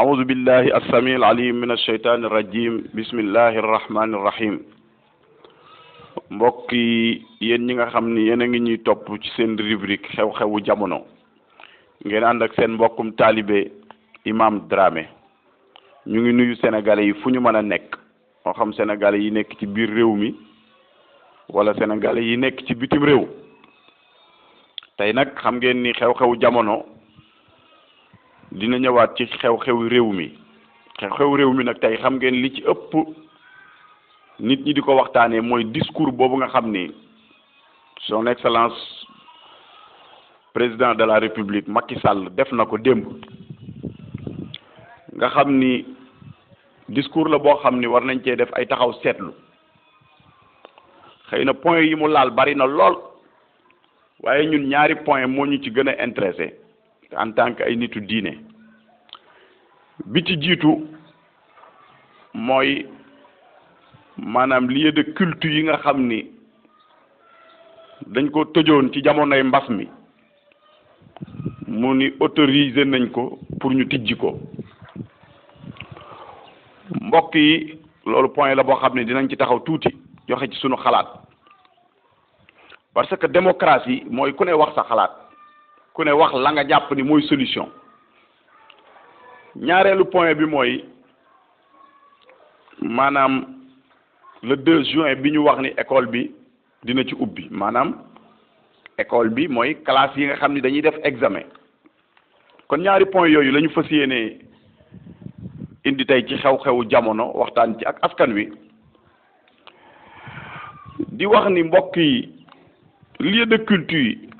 أعوذ بالله السميع العليم من الشيطان الرجيم بسم الله الرحمن الرحيم mbokk yi yéen ñi nga xam ni yéen a ngi ñuy topp ci seen rubrique xew-xewu jamono ngeen ànd ak seen mbokkum taalibe Imam Dramé ñu ngi nuyu sénégalais yi fu ñu mën a nekk moo xam sénégalais yi nekk ci biir réew mi wala sénégalais yi nekk ci bitim réew tey nag xam ngeen ni xew xew jamono. dina ñëwaat ci xew-xew réew mi xew-xew réew mi nag tey xam ngeen li ci ëpp nit ñi di ko waxtaanee mooy discours boobu nga xam ni son excellence président de la république Macky sàll def na ko démb nga xam ni discours la boo xam ni war nañ cee def ay taxaw seetlu xëy na point yi mu laal bari na lool waaye ñun ñaari point moo ñu ci gën a intéressé en tant que ay nitu diine bi ci jiitu mooy maanaam lieu de culte yi nga xam ni dañ ko tëjoon ci jamonoy mbas mi mu ni autorisé nañ ko pour ñu tijji ko mbokk yi loolu point la boo xam ne dinañ ci taxaw tuuti joxe ci suñu xalaat parce que démocratie mooy ku ne wax sa xalaat ku ne wax la nga jàpp ni mooy solution ñaareelu point bi mooy maanaam le 2 juin bi ñu wax ni école bi dina ci ubbi maanaam école bi mooy classe yi nga xam ni dañuy def examen kon ñaari point yooyu lañu ñu fas yéenee indi tey ci xew-xewu jamono waxtaan ci ak askan wi di wax ni mbokk yi lieu de culture yi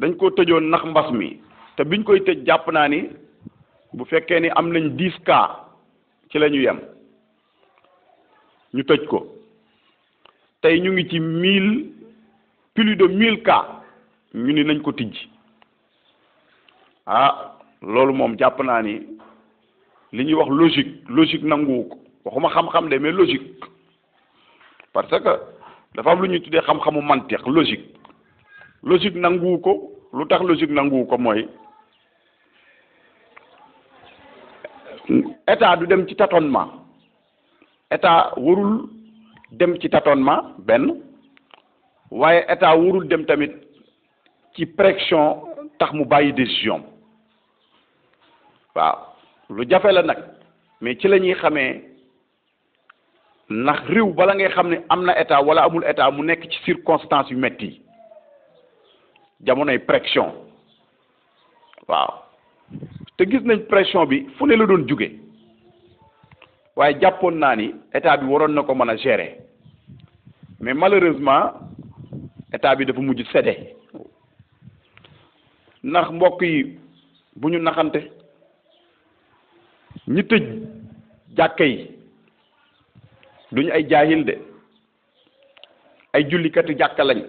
dañ ko tëjoon nax mbas mi te biñ koy tëj jàpp naa ni bu fekkee ni am nañ dix cas ci la ñu yem ñu tëj ko tey ñu ngi ci mille plus de mille cas ñu ni nañ ko tijji ah loolu moom jàpp naa ni li ñuy wax logique logique nanguwu ko waxuma xam-xam de mais logique parce que dafa am lu ñu tuddee xam-xamu mantiq logique logique nanguwu ko lu tax logique nanguwu ko mooy état du dem ci tâtonnement état warul dem ci tâtonnement benn waaye état warul dem tamit ci pression tax mu bàyyi décision waaw lu jafe la nag mais ci la ñuy xamee nax réew bala ngay xam ne am na état wala amul état mu nekk ci circonstance yu metti jamonoy pression waaw te gis nañ pression bi fu ne la doon jóge waaye jàppoon naa ni état bi waroon na ko mën a gérer mais malheureusement état bi dafa mujj sedde ndax mbokk yi bu ñu naxante ñi tëj jàkka yi duñu ay jaahil de ay jullikatu jàkka lañ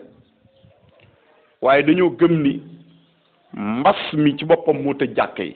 waaye dañoo gëm ni mbas mi ci boppam moo tëj jàkka yi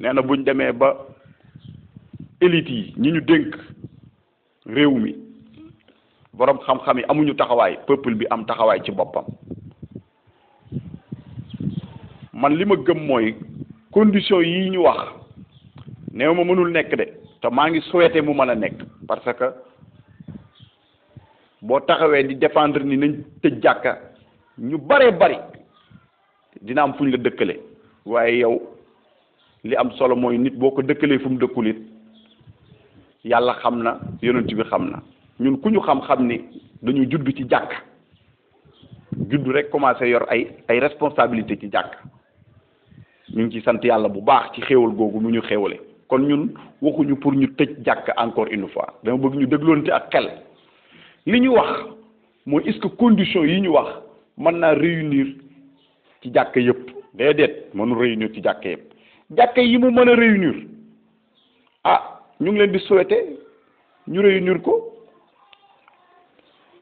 nee na buñ demee ba élite yi ñi ñu dénk réew mi boroom xam-xam yi amuñu taxawaay peuple bi am taxawaay ci boppam man li ma gëm mooy condition yi ñu wax néew ma mënul nekk de te maa ngi souhaité mu mën a nekk parce que boo taxawee di défendre ni nañ tëj jàkka ñu bare bari dina am fuñ la dëkkale waaye yow li am solo mooy nit boo ko dëkkalee fu mu dëkkul it yàlla xam na yonent bi xam na ñun ku ñu xam-xam ni dañu judd ci jàkk judd rek commencé yor ay ay responsabilité ci jàkk ñu ngi ci sant yàlla bu baax ci xéewal googu mu ñu xéewale kon ñun waxuñu pour ñu tëj jàkk encore une fois dama bëgg ñu dégloonte ak xel li ñu wax mooy est-ce condition yi ñu wax mën naa réunir ci jàkk yëpp déedéet mënul réunir ci jàkk yëpp jàkk yi mu mën a réunir ah ñu ngi leen di souhaiter ñu réunir ko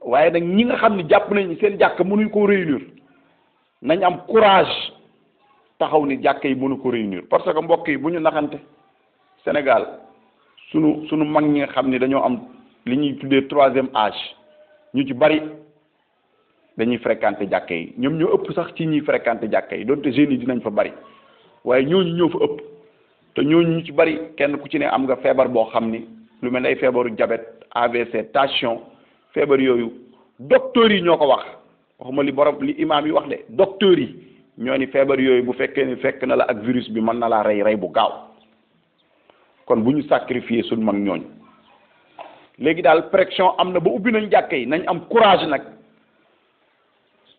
waaye nag ñi nga xam ne jàpp nañ seen jàkk mënuñ koo réunir nañ am courage taxaw ni jàkka yi mënu ko réunir parce que mbokk yi bu ñu naxante Sénégal sunu sunu mag ñi nga xam ne dañoo am li ñuy tuddee troisième age ñu ci bari dañuy fréquenter jàkka yi ñoom ñoo ëpp sax ci ñuy fréquenter jàkk yi donte jeunes dinañ fa bari waaye ñooñu ñoo fa ëpp te ñooñu ñu ci bari kenn ku ci ne am nga feebar boo xam ni lu mel ay feebaru jabet AVC tension feebar yooyu docteurs yi ñoo ko wax waxuma li borom li imaam yi wax de docteurs yi ñoo ni feebar yooyu bu fekkee ni fekk na la ak virus bi mën na laa rey rey bu gaaw kon bu ñu sacrifier suñ mag ñooñu léegi daal pression am na ba ubbi nañ jàkka yi nañ am courage nag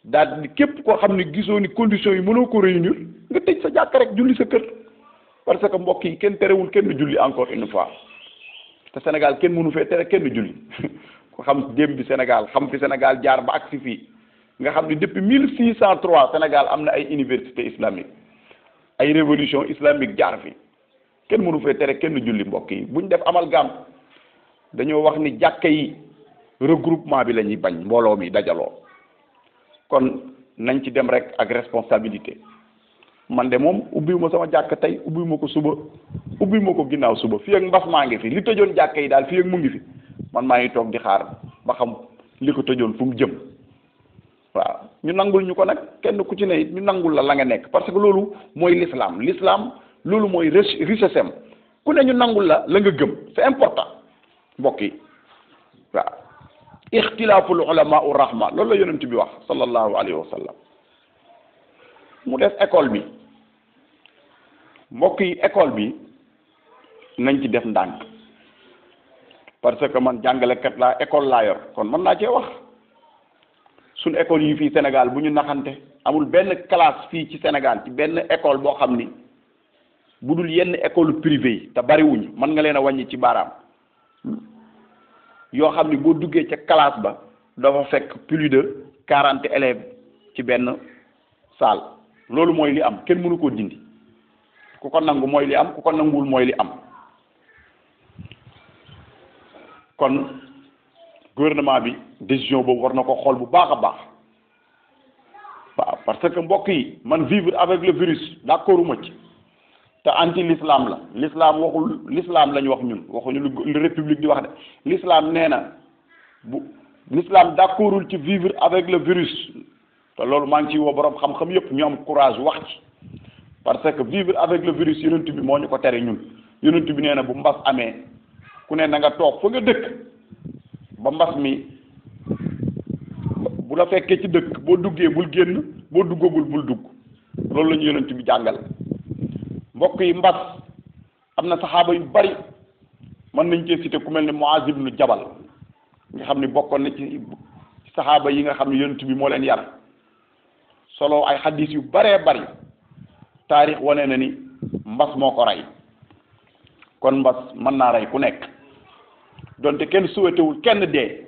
daal di képp koo xam ne gisoo ni conditions yi mënoo ko réunir nga tej sa jàkk rek julli sa kër parce que mbokk yi kenn terewul kenn julli encore une fois te Sénégal kenn mënu fee tere kenn julli ko xam démb bi Sénégal xam fi Sénégal jaar ba ak si fii nga xam ni depuis 1603 Sénégal am na ay université islamique ay révolution islamique jaar fi kenn mënu fee tere kenn julli mbokk yi buñ def amalgame dañoo wax ni yi regroupement bi la bañ mbooloo mi dajaloo kon nañ ci dem rek ak responsabilité man de moom ubbiwu ma sama jàkk tey ubbiwu ma ko suba ubbiwu ma ko ginnaaw suba fii ak mbas maa ngi fi li tëjoon jàkk yi daal fii ak mu ngi fi man maa ngi toog di xaar ba xam li ko tëjoon fu mu jëm waaw ñu nangul ñu ko nag kenn ku ci ne ñu nangul la la nga nekk parce que loolu mooy l'islam l'islam loolu mooy richesse am ku ne ñu nangul la la nga gëm c'est important mbokk yi waaw ixtilaaful ulama u rahma loolu la yonent bi wax sallallahu alayhi wa mu des école bi mbokk yi école bi nañ ci def ndànk parce que man jàngalekat laa école laa yor kon mën naa cee wax suñ école yi fii Sénégal bu ñu naxante amul benn classe fii ci Sénégal ci benn école boo xam ni bu dul yenn école privée yi te bariwuñu mën nga leen a wàññi ci baaraam yoo xam ni boo duggee ca classe ba dafa fekk plus de quarante élèves ci benn salle loolu mooy li am kenn mënu koo dindi ku ko nangu mooy li am ku ko nanguwul mooy li am kon gouvernement bi décision boobu war na ko xool bu baax a baax waaw parce que mbokk yi man vivre avec le virus d'accorduma ci te anti l'islam la l'islam waxul l'islam lañu wax ñun waxuñu lu république di wax de l'islam nee na bu l'islam d'accordul ci vivre avec le virus te loolu maa ngi ciy woo borom xam-xam yëpp ñu am courage wax ci parce que vivre avec le virus yonent bi moo ñu ko tere ñun yonent bi nee na bu mbas amee ku ne na nga toog fa nga dëkk ba mbas mi bu la fekkee ci dëkk boo duggee bul génn boo duggagul bul dugg loolu la ñu yonent bi jàngal mbokk yi mbas am na saxaaba yu bari mën nañ cee cité ku mel ni Muaz ibnu Jabal nga xam ni bokkoon na ci saxaaba yi nga xam ne yonent bi moo leen yar solo ay xaddis yu baree bari taarix wane na ni mbas moo ko rey kon mbas mën naa rey ku nekk donte kenn suwetewul kenn dee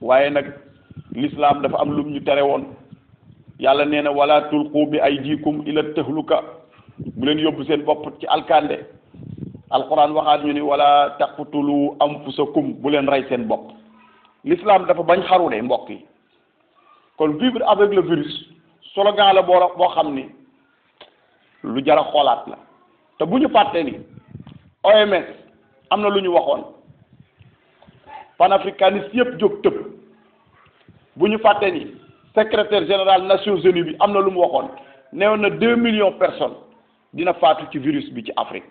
waaye nag lislaam dafa am lum ñu tere woon yàlla nee na wala tulqu bi ay jiikum ila tahluka bu leen yóbbu seen bopp ci alkande alquran waxaat ñu ni wala taqtulu anfusakum bu leen rey seen bopp l'islam dafa bañ xaru de mbokk yi kon vivre avec le virus slogan la boo boo xam ni lu jar a xoolaat la te bu ñu fàtte ni OMS am na lu ñu waxoon panafricaniste yépp jóg tëb bu ñu fàtte ni secrétaire général Nations Unies bi am na lu mu waxoon neew na deux millions personnes dina faatu ci virus bi ci Afrique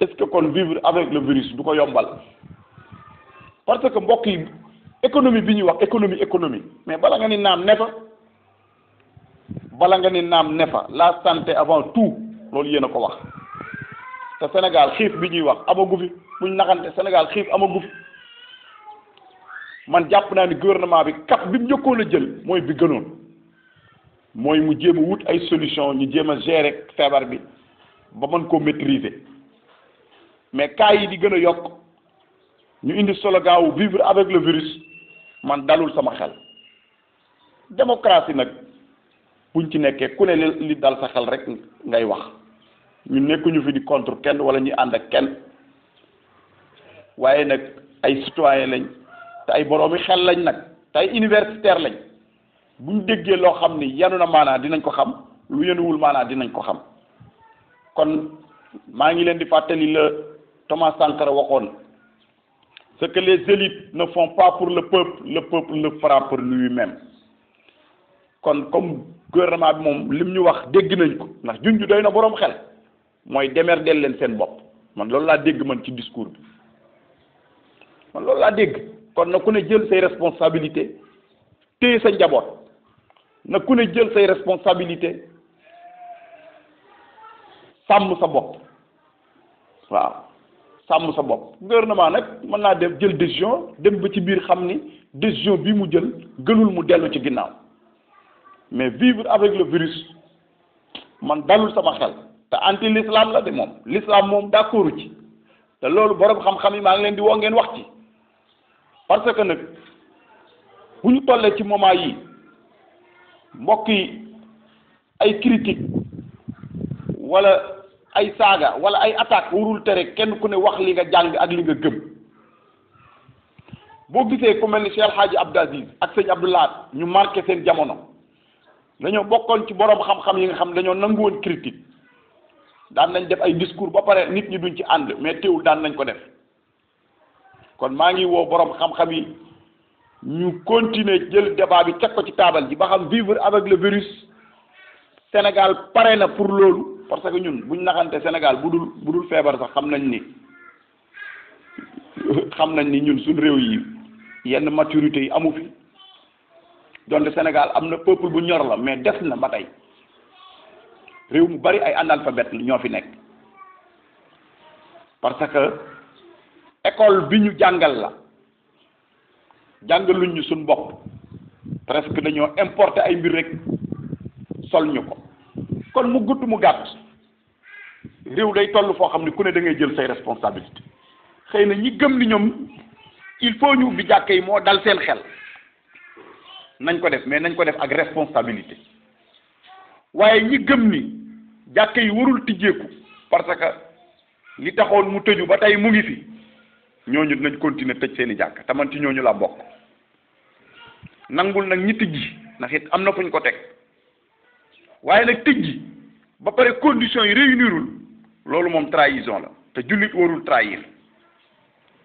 est-ce que kon avec le virus du ko yombal parce que mbokk yi économie bi ñuy wax économie économie mais bala nga ni naam ne bala nga ni naam ne fa la santé avant tout loolu yéen a ko wax te Sénégal xiif bi ñuy wax amagu fi buñ naxante Sénégal xiif amagu fi man jàpp naa ni gouvernement bi cap bi mu njëkkoon a jël mooy bi gënoon mooy mu jéema wut ay solution ñu jéem a gérer feebar bi ba man koo maîtriser mais cas yi di gën a yokk ñu indi slogan wu vivre avec le virus man dalul sama xel démocratie nag. buñ ci nekkee ku ne li dal sa xel rek ngay wax ñu nekkuñu fi di contre kenn wala ñuy ànd ak kenn waaye nag ay citoyen lañ te ay boroomi xel lañ nag te ay universitaire lañ buñ déggee loo xam ni yanu na maanaa dinañ ko xam lu yenuwul maanaa dinañ ko xam kon maa ngi leen di fàttali la Thomas Sankara waxoon ce que les élites ne font pas pour le peuple le peuple le fera pour lui-même kon comme gouvernement bi moom lim ñu wax dégg nañ ko ndax ju doy na boroom xel mooy démerdeel leen seen bopp man loolu laa dégg man ci discours bi man loolu laa dégg kon na ku ne jël say responsabilité téye sa njaboot na ku ne jël say responsabilité sàmm sa bopp waaw sàmm sa bopp gouvernement nag mën naa dem jël décision dem ba ci biir xam ni décision bi mu jël gënul mu dellu ci ginnaaw mais vivre avec le virus man dalul sama xel te anti l'islam la de moom l'islam moom d'accord ci te loolu borom xam-xam yi maa ngi leen di woo ngeen wax ci parce que nag bu ñu tollee ci moment yi mbokk yi ay critique wala ay saaga wala ay attaque warul tere kenn ku ne wax li nga jàng ak li nga gëm boo gisee ku mel ni Cheikh Hadji Abdou Aziz ak sëñ Abdoulaye ñu marqué seen jamono dañoo bokkoon ci borom xam-xam yi nga xam dañoo nangu woon critique daan nañ def ay discours ba pare nit ñi duñ ci ànd mais teewul daan nañ ko def kon maa ngi woo borom xam-xam yi ñu continuer jël débat bi teg ko ci taabal ji ba xam vivre avec le virus Sénégal pare na pour loolu parce que ñun buñ naxante Sénégal bu dul bu dul feebar sax xam nañ ni xam nañ ni ñun suñ réew yi yenn maturité yi amu fi. donte Sénégal am na peuple bu ñor la mais des na ba tey réew mu bari ay analphabète ñoo fi nekk parce que école bi ñu jàngal la jàngaluñ ñu suñ bopp presque dañoo importer ay mbir rek sol ñu ko kon mu gudd mu gàtt réew day toll foo xam ne ku ne da ngay jël say responsabilité xëy na ñi gëm ni ñoom il faut ñu ubbi jàkka yi moo dal seen xel nañ ko def mais nañ ko def ak responsabilité waaye ñi gëm ni jàkk yi warul tijjeeku parce que li taxoon mu tëju ba tey mu ngi fi ñooñu nañ continuer tëj seen i jàkk te man ci ñooñu laa bokk nangul nag ñi tijji ndax it am na fuñ ko teg waaye nag tijji ba pare conditions yi réunirul loolu moom trahison la te jullit warul trahir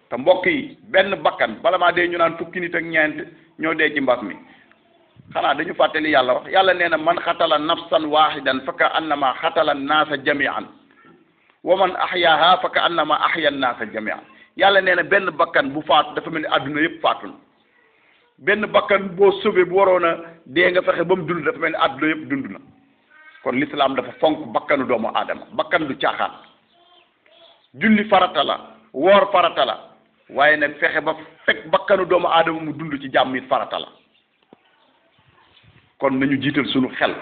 te mbokk yi benn bakkan bala maa dee ñu naan fukki nit ak ñeent ñoo dee ci mbas mi xanaa dañu fàttali yàlla wax yàlla nee na man xatala nafsan wahidan faka ka annama xatala naasa jamian wa man ahyaha faka annama ahya naasa jamian yàlla nee na benn bakkan bu faatu dafa mel ni àdduna yëpp faatu benn bakkan boo sauvé bu waroon a dee nga fexe ba mu dund dafa mel ni àdduna yëpp dund na kon l'islam dafa fonk bakkanu doomu aadama bakkan du caaxaan julli farata la woor farata la waaye nag fexe ba fekk bakkanu doomu aadama mu dund ci jàmm it farata la kon nañu jiital suñu xel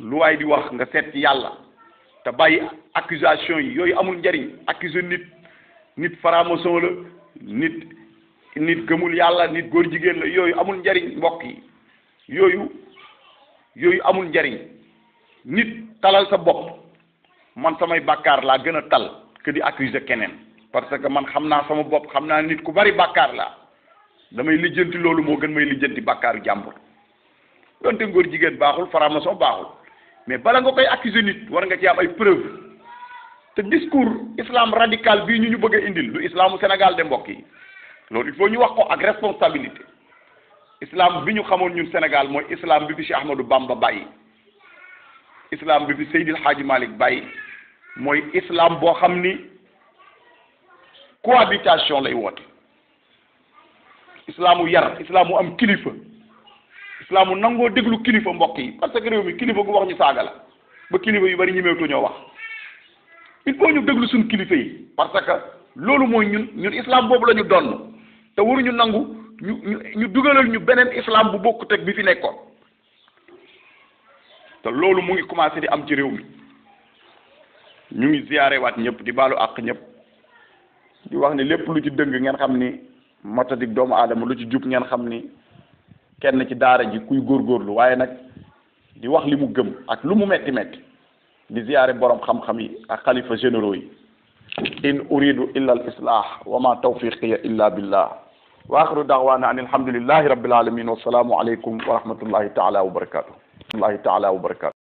lu waay di wax nga seet yàlla te bàyyi accusation yi yooyu amul njariñ accuser nit nit faramason la nit nit gëmul yàlla nit góor jigéen la yooyu amul njariñ mbokk yi yooyu yooyu amul njariñ nit talal sa bopp man samay bàkkaar laa gën a tal que di accuser keneen parce que man xam naa sama bopp xam naa nit ku bari bàkkaar laa damay lijjanti loolu moo gën may lijjanti bàkkaaru jàmbur fekkonte ngor jigen baxul franc baxul mais bala nga koy accuser nit war nga ci am ay preuve te discours islam radical bi ñu ñu bëgg indil du islamu Senegal de mbokk yi loolu il faut ñu wax ko ak responsabilité islam bi ñu xamoon ñun senegal mooy islam bi fi Cheikh Ahmadou Bamba bàyyi islam bi fi Seydil Hadji malik bàyyi mooy islam boo xam ni cohabitation lay woote islamu yar islamu am kilifa islaamu nangoo déglu kilifa mbokk yi parce que réew mi kilifa gu wax ñu saaga la ba kilifa yu bari ñemeetu ñoo wax il faut ñu déglu suñ kilifa yi parce que loolu mooy ñun ñun islam boobu la ñu donn te waruñu nangu ñu ñu ñu dugalal ñu beneen islam bu bokkut ak bi fi nekkoon te loolu mu ngi commencé di am ci réew mi ñu ngi ziyaare waat ñëpp di baalu àq ñëpp di wax ni lépp lu ci dëng ngeen xam ni matadik doomu aadama lu ci jub ngeen xam ni kenn ci daara ji kuy góorgóorlu waaye nag di wax li mu gëm ak lu mu metti metti di ziare borom xam-xam yi ak xalifa généraux yi in uridu illa al islah wa ma tawfiqiya illa billah wa akhru da'wana an alhamdulillahi rabbil alamin wa salamu alaykum wa rahmatullahi ta'ala wa barakatuh ta'ala wa barakatuh